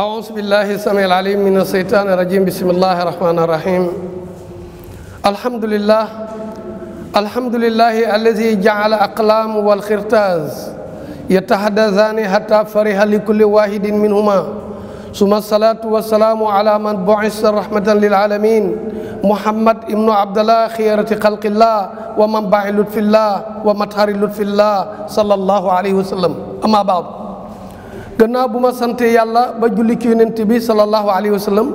أعوذ بالله السميع العليم من الشيطان الرجيم بسم الله الرحمن الرحيم الحمد لله الحمد لله الذي جعل أقلام والخرتاز يتحدثان حتى فرح لكل واحد منهما ثم الصلاة والسلام على من بعث رحمة للعالمين محمد ابن عبد الله خيرة خلق الله ومنبع لطف الله ومطهر لطف الله صلى الله عليه وسلم أما بعد gannaaw bu ma sante yàlla ba julli ci yonent bi sallallahu alayhi wa sallam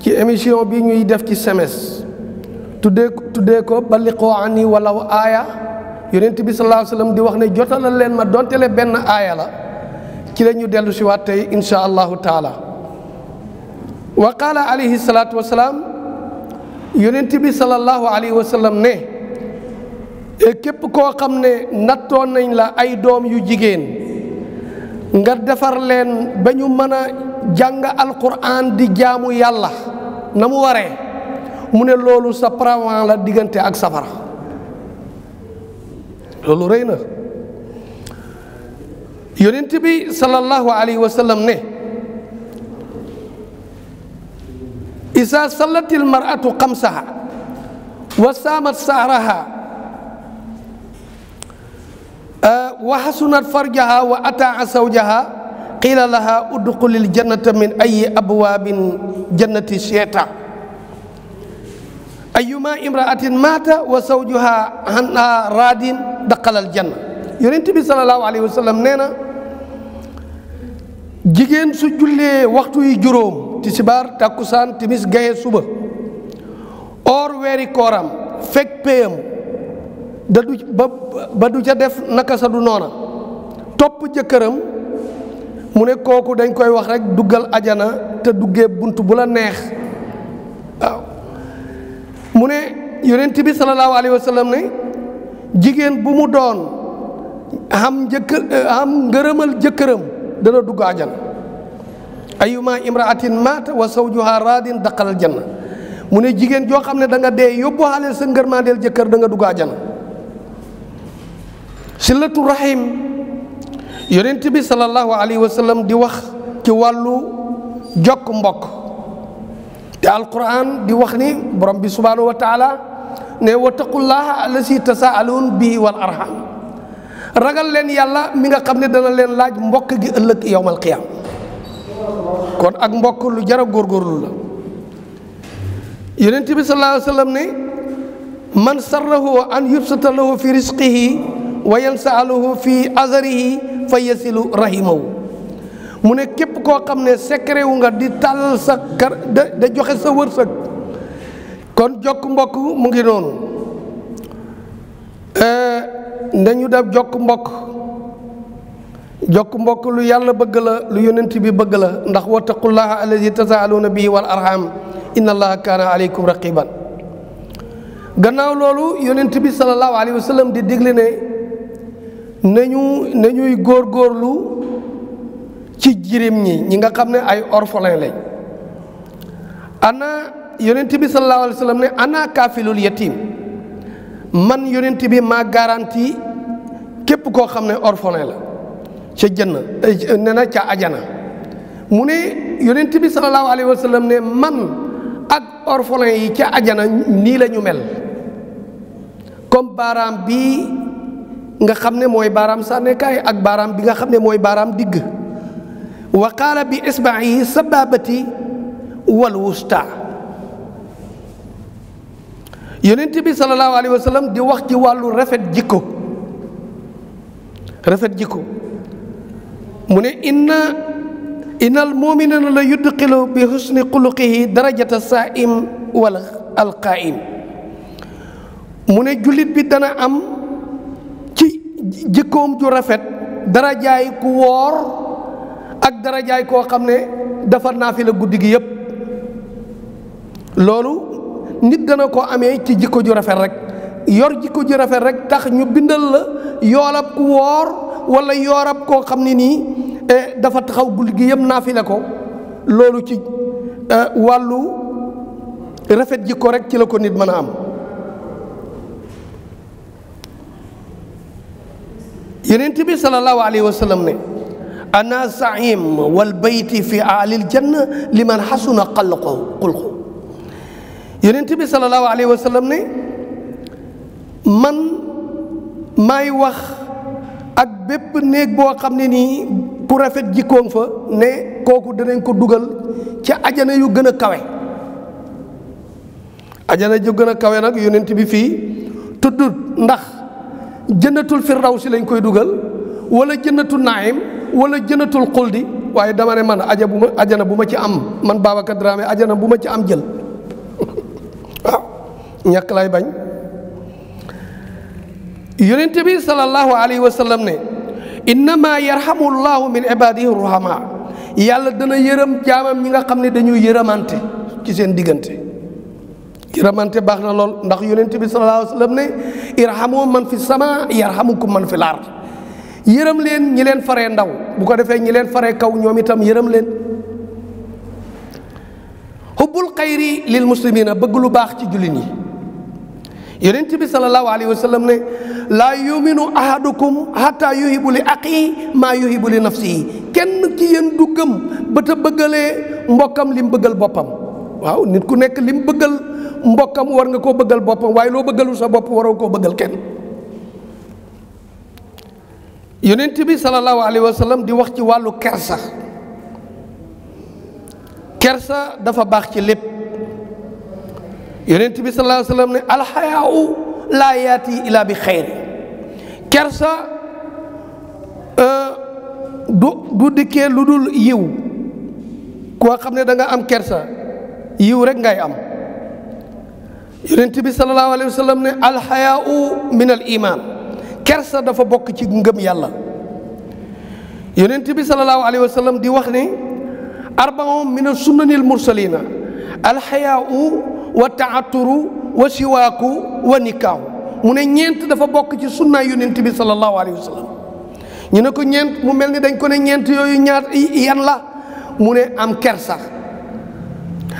ci émission bi ñuy def ci semes tuddee tuddee ko balliqoo ani walaw aaya yonent bi sallallahu alayhi wa sallam di wax ne jotalal leen ma dontele benn aaya la ci la ñu dellu si waat tey insha allahu taala wa qaala alayhi salaatu wa salaam yonent bi sallallahu alayhi wa sallam ne e képp koo xam ne nattoon nañ la ay doom yu jigéen nga defar len bañu mëna jang alquran di jaamu yalla namu waré mune lolu sa paravent la diggante ak safara lolu reyna na yonent bi sallallahu alaihi wasallam ne isa sallatil mar'atu qamsaha wa samat sahraha أه، وحسنت فرجها وأتى زوجها قيل لها ادخل الجنة من أي أبواب جنة شئت أيما امرأة مات وزوجها هن راد دخل الجنة يرنت بي صلى الله عليه وسلم نينا جيجين سو جولي وقتو جروم تسبار تاكوسان تمس غاي صبح اور ويري كورام فك بيم da du ba ba du ca def naka sa du noona topp jëkkëram mu ne kooku dañ koy wax rek duggal ajana te duggee bunt bu la neex waaw mu ne yonent bi salallaahu alayhi wa sallam ne jigéen bu mu doon am njëkkër am ngërëmal jëkkëram dana dugg ajana ayuma imraatin maata wa sawjuha raadin daqalal jën na mu ne jigéen joo xam ne da nga dee yóbbu xaaleel sa ngërmandeel jëkkër da nga dugg ajana silaturahim yonent bi sallallahu alaihi wasallam di wax ci walu jok mbok te alquran di wax ni borom bi subhanahu wa taala ne wa taqullaha allasi tasaaluun bi wal arham ragal len yalla mi nga xamne dana len laaj mbok gi euleuk yowmal qiyam kon ak mbok lu jara góorgóorlu la yonent bi sallallahu alaihi wasallam ne man sarrahu an yubsata lahu fi rizqihi wa yansaluhu fi azarihi fayasilu rahimahu mune kep ko xamne secret wu nga di tal sa kar da joxe sa wursak kon jokk mbok mu ngi euh nañu def jokk mbok jokk mbok lu yalla bëgg la lu yonent bi bëgg la ndax taqullaha alladi tasaaluuna bihi wal arham inna allaha kana alaykum raqiban gannaaw loolu yonent bi salallahu alaihi wasallam di digle ne nañu nañuy góorlu ci jirim ñi ñi nga xam ne ay orphelin lañ ana yonent bi sallallahu alayhi ne ana kaafilul yatim man yonent bi maa garanti képp koo xam ne orphelin la ca jënn ne na ca ajana mu ne yonent bi sallallahu alayhi ne man ak orphelin yi ca ajana nii la ñu mel comme baaraam bi nga xamne moy baram sané kay ak baram bi nga xamne moy baram digg wa qala bi isba'i sababati wal wusta yonnati bi salallahu alaihi wasallam di wax ci walu rafet jikko rafet jikko mune inna inal muminina la yudqilu bi husni xuluqihi darajata saim wal alqaim Mune ne bi dana am jikkoom ju rafet darajaay ku woor ak darajaay koo xam ne dafa naafila guddi gi yépp loolu nit dana ko amee ci jikko ju rafet rek yor jikko ju rafet rek tax ñu bindal la yoolab ku woor wala yoorab koo xam ne nii e, dafa taxaw guddi gi yépp naafila ko loolu ci e, wàllu rafet jikko rek ci la ko nit mën a am yonent bi sallallahu alayhi wa sallam ne ana saim wal bayti fi alil janna liman xasuna xalqo xulqo yonent bi sallallahu alayhi wa sallam ne man maay wax ak bépp néeg boo xam ne nii ku rafet jikkoon fa ne kooku danañ ko dugal ci ajana yu gën a kawe ajana yu gën a kawe nag yonent bi fii tuddut ndax jënnatul si lañ koy dugal wala jënnatul naim wala jënnatul xuldi waaye dama ne man aja bu ma ajana bu ma ci am man Babacar Dramé bu ma ci am jël waaw ñàkk lay bañ yonente bi sallallahu alayhi wa sallam ne innama yarhamullahu min ibadihi ruhama yàlla dana yërëm jaamam ñi nga xam ne dañuy yërëmante ci seen diggante yërëmante baax na lool ndax yonente bi sallallahu alayhi ne irhamu man fi sama yarhamukum man fi laar yërëm leen ñi leen faree ndaw bu ko defee ñi leen faree kaw ñoom itam yërëm leen hubbul xayri lil muslimina bëgg lu baax ci jullit ñi yonent bi sallallahu alayhi wa sallam ne laa yuminu ahadukum hatta yuhibu li aqi maa yuhibu li nafsi kenn ci yéen du gëm ba mbokkam lim bëggal boppam waaw nit ku nekk lim bëggal mbokam war nga ko bëggal boppam way lo bëggalul sa bop waro ko bëggal Tibi yonent bi sallallahu alaihi wasallam di wax ci walu kersa kersa dafa bax ci lepp yonent bi sallallahu alaihi wasallam ne al haya'u la yati ila bi khair kersa euh, du du dikkee ludul yiw ko xamne da nga am kersa yiw rek ngay am yonent bi sallallahu alayhi wa sallam ne alxayaau min al kersa dafa bokk ci ngëm yàlla yonent bi sallallahu alayhi wa sallam di wax ne arbaun min al sunnanil mursalina wa taaturu wa siwaaku wa nikaahu mu ne ñeent dafa bokk ci sunna yonent bi sallallahu alayhi wa sallam ñu ne ko ñeent mu mel ni dañ ko ne ñeent yooyu ñaat yan la mu ne am kersa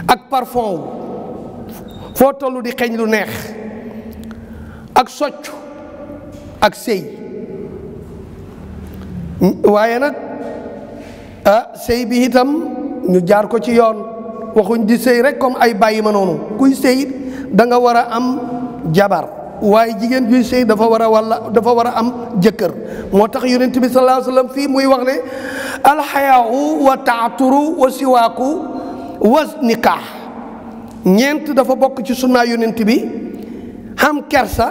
ak parfum foo tollu di xeeñ lu neex ak socc ak sëy waaye nag ah sëy bi itam ñu jaar ko ci yoon waxuñ di sëy rek comme ay bàyyi ma noonu kuy sey da nga war a am jabar waaye jigéen juy sëy dafa war a walla dafa war a am jëkkër moo tax yonent bi sallallahu alayhi wa sallam muy wax ne alxayaau wa taaturu wa siwaaku was nikaax ñeent dafa bokk ci sunnaa yonent bi xam kersa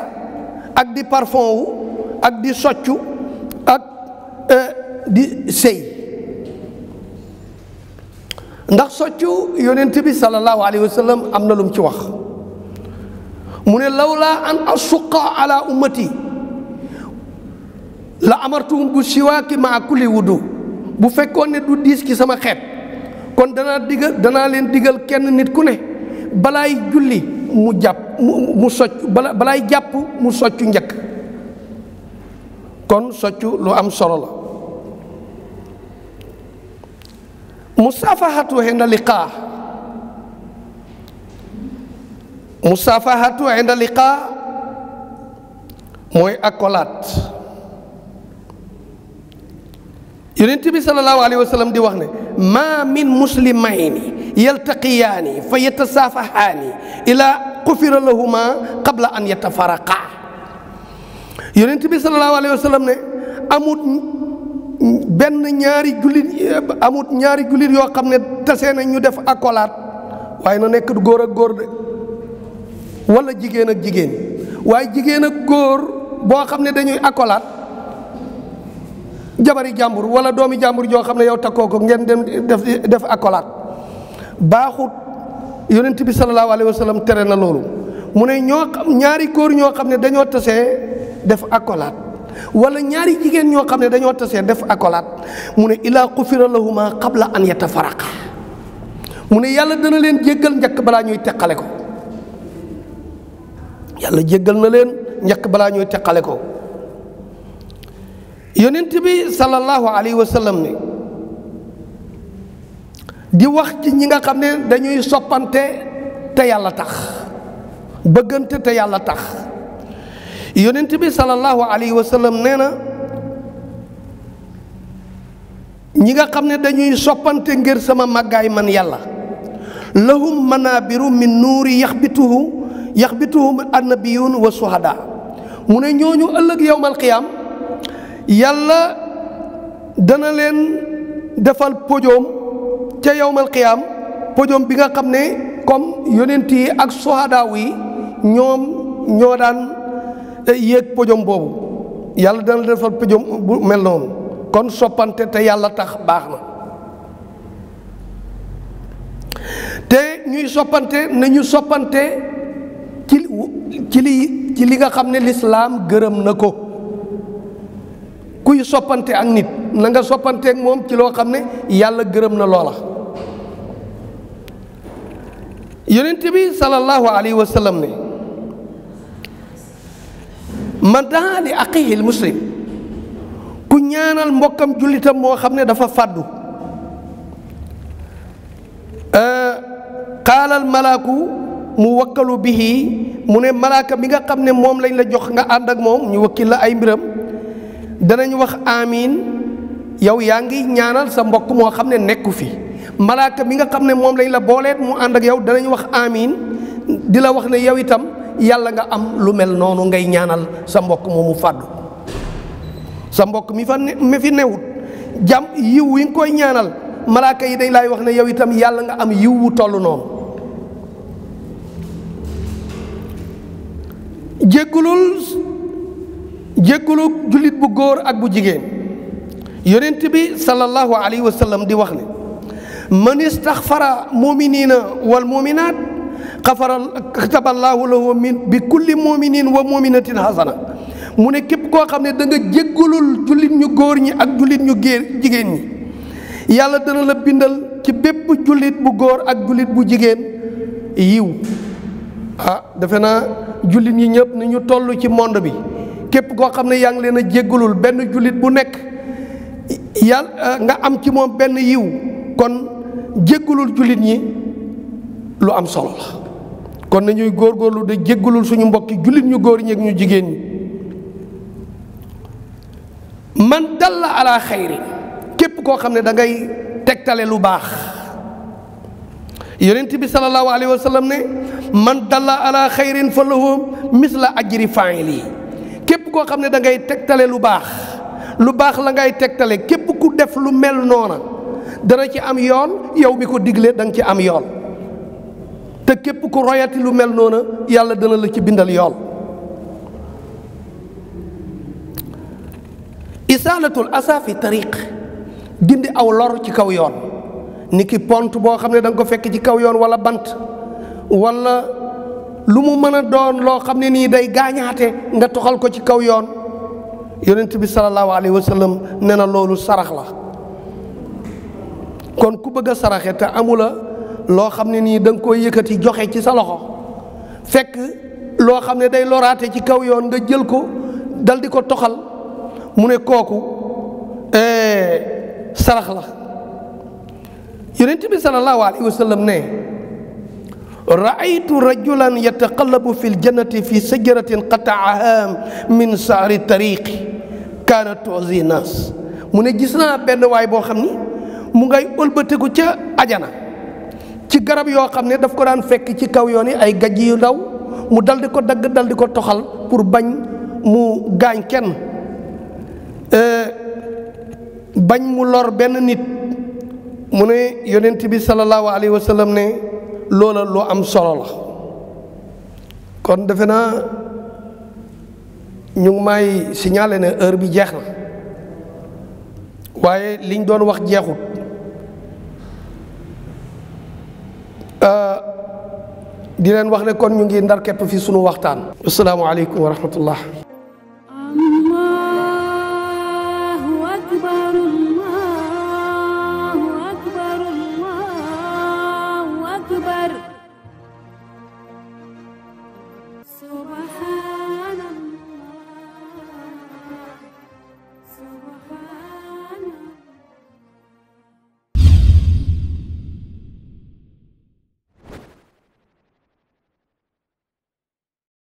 ak di parfum ak di soccu ak euh, di sëy ndax soccu yonent bi sallallahu alayhi wa am na lum ci wax mu ne lawlaa an asuqa ala ummati la amartum bu siwaaki maa kulli wudu bu fekkoon ne du diis ci sama xeet kon danaa digal danaa leen digal kenn nit ku ne balay julli mu japp mu soccu balay japp mu soccu njëkk kon soccu lu am solo la musafahatu inda liqa musafahatu inda liqa moy akolat yaronte bi sallallahu alaihi wasallam di wax ne ma min muslimaini yaltaqiyaani fa yatasaafahaani ilaa xufira lahuma qabla an yatafaraqa yonent bi salallaahu alayhi wa sallam ne amut benn ñaari jullit amut ñaari jullit yoo xam ne tase na ñu def akolaat waaye na nekk góor ak góor wala jigéen ak jigéen waaye jigéen ak góor boo xam ne dañuy akolaat jabari jàmbur wala doomi jàmbur joo xam ne yow takkoo ko ngeen def def akolaat baaxut yonent bi sallallahu alayhi wa sallam tere na loolu mu ne ñoo xam ñaari góor ñoo xam ne dañoo tasee def accolade wala ñaari jigéen ñoo xam ne dañoo tasee def accolade mu ne ilaa xufira lahuma qabla an yatafaraqa mu ne yàlla dana leen jéggal njëkk balaa ñuy teqale ko yàlla jéggal na leen njëkk balaa ñuy teqale ko yonent bi sallallahu alayhi wa sallam ne di wax ci ñi nga xam ne dañuy soppante te yàlla tax bëggante te yàlla tax yonent bi sallallahu alayhi wa sallam nee na ñi nga xam ne dañuy soppante ngir sama màggaay man yàlla lahum manaabiru min nuuri yaxbituhu yaxbituhum annabiyun wa suhada mu ne ñooñu ëllëg yowmal qiyaam yàlla dana leen defal pojoom ca yowmal qiyam pojom bi nga xamne comme yonenti ak sohada wi ñom ño daan eh, yek pojom bobu yalla dal defal pojom bu mel non kon sopante te yalla tax baxna te ñuy soppante nañu soppante ci ci li ci li nga xam l'islam lislaam nako kuy soppante ak nit na nga soppante ak mom ci lo xam yalla yàlla na loola yonent bi sallallahu alaihi wasallam ne man daa li aqihil muslim ku ñaanal mbokam julitam mo xamne dafa faddu fàddu qala al malaku mu wakkalu bihi mune malaka bi nga xamne mom lañ la jox nga and ak mom ñu wakil la ay mbiram danañ wax amin yow yaangi ñaanal sa mbokk mo xamne nekku fi malaka mi nga xamne mom moom lañ la bolé mu and ak yow dañ wax amin di wax ne yow itam yalla nga am lu mel nonu ngay ñaanal sa mbokk moomu fadu sa mbokk mi fa me fi newut jam yiw wi nga koy ñaanal malaka yi dañ lay wax ne yow itam yalla nga am yiw wu tollu non jéggulul jéggulu julit bu góor ak bu jigen yonent bi sallallahu alaihi wasallam di wax ne man istaxfara muminina wal muminat xafara kataballaahu lahu min bi kulli muminin wa muminatin hasana mu ne képp koo xam ne danga nga jéggalul jullit ñu góor ñi ak jullit ñu géer jigéen ñi yàlla dana la bindal ci bépp jullit bu góor ak jullit bu jigéen yiw ah defe naa jullit ñi ñëpp ni ñu toll ci monde bi képp koo xam ne yaa ngi leen a jéggalul benn jullit bu nekk yàlla nga am ci moom benn yiw kon jéggalul jullit ñi lu am solo la kon nañuy góor góorgóorlu de jéggalul suñu mbokki jullit ñu góor ñi ñu jigéen man dal la ala xayri képp koo xam ne da ngay tegtale lu baax yonent bi sallallahu alayhi wa sallam ne man dalla ala xayrin fa lahu misla ajri faili képp koo xam ne dangay ngay tegtale lu baax lu baax la ngay tegtale képp ku def lu mel noona dana ci am yoon yow bi ko digle da ci am yoon te képp ku royati lu mel noona yàlla dana la ci bindal yoon isaalatul asaafi tariq dindi aw lor ci kaw yoon ni ki pont boo xam ne danga ko fekk ci kaw yoon wala bant wala lu mu mën a doon loo xam ne nii day gaañaate nga toxal ko ci kaw yoon yonent bi sallallahu alayhi wa sallam na loolu sarax la kon ku bëgg a saraxe te amula loo xam ne nii danga nga koy yëkkati joxe ci sa loxo fekk loo xam ne day loraate ci kaw yoon nga jël ko dal di ko toxal mu ne kooku eh, sarax la yonent bi sallallahu alayhi wa sallam ne raaytu rajulan yataqallabu fi ljannati fi sajaratin qataaha min saari tariqi kaana tuzi naas mu ne gis naa benn waay boo xam ni mu ngay ëlbatiku ca ajana ci garab yoo xam ne daf ko daan fekk ci kaw yoon yi ay gajj yu ndaw mu dal ko dagg dal ko toxal pour bañ mu gaañ kenn euh, bañ mu lor benn nit mu ne yonent bi sallallahu alayhi wa sallam ne loola lu am solo la kon defe naa ñu may signalé ne heure bi jeex na waaye liñ doon wax jeexut di leen wax ne kon ñu ngi ndar képp fi sunu waxtaan. asalaamaaleykum wa rahmatullah.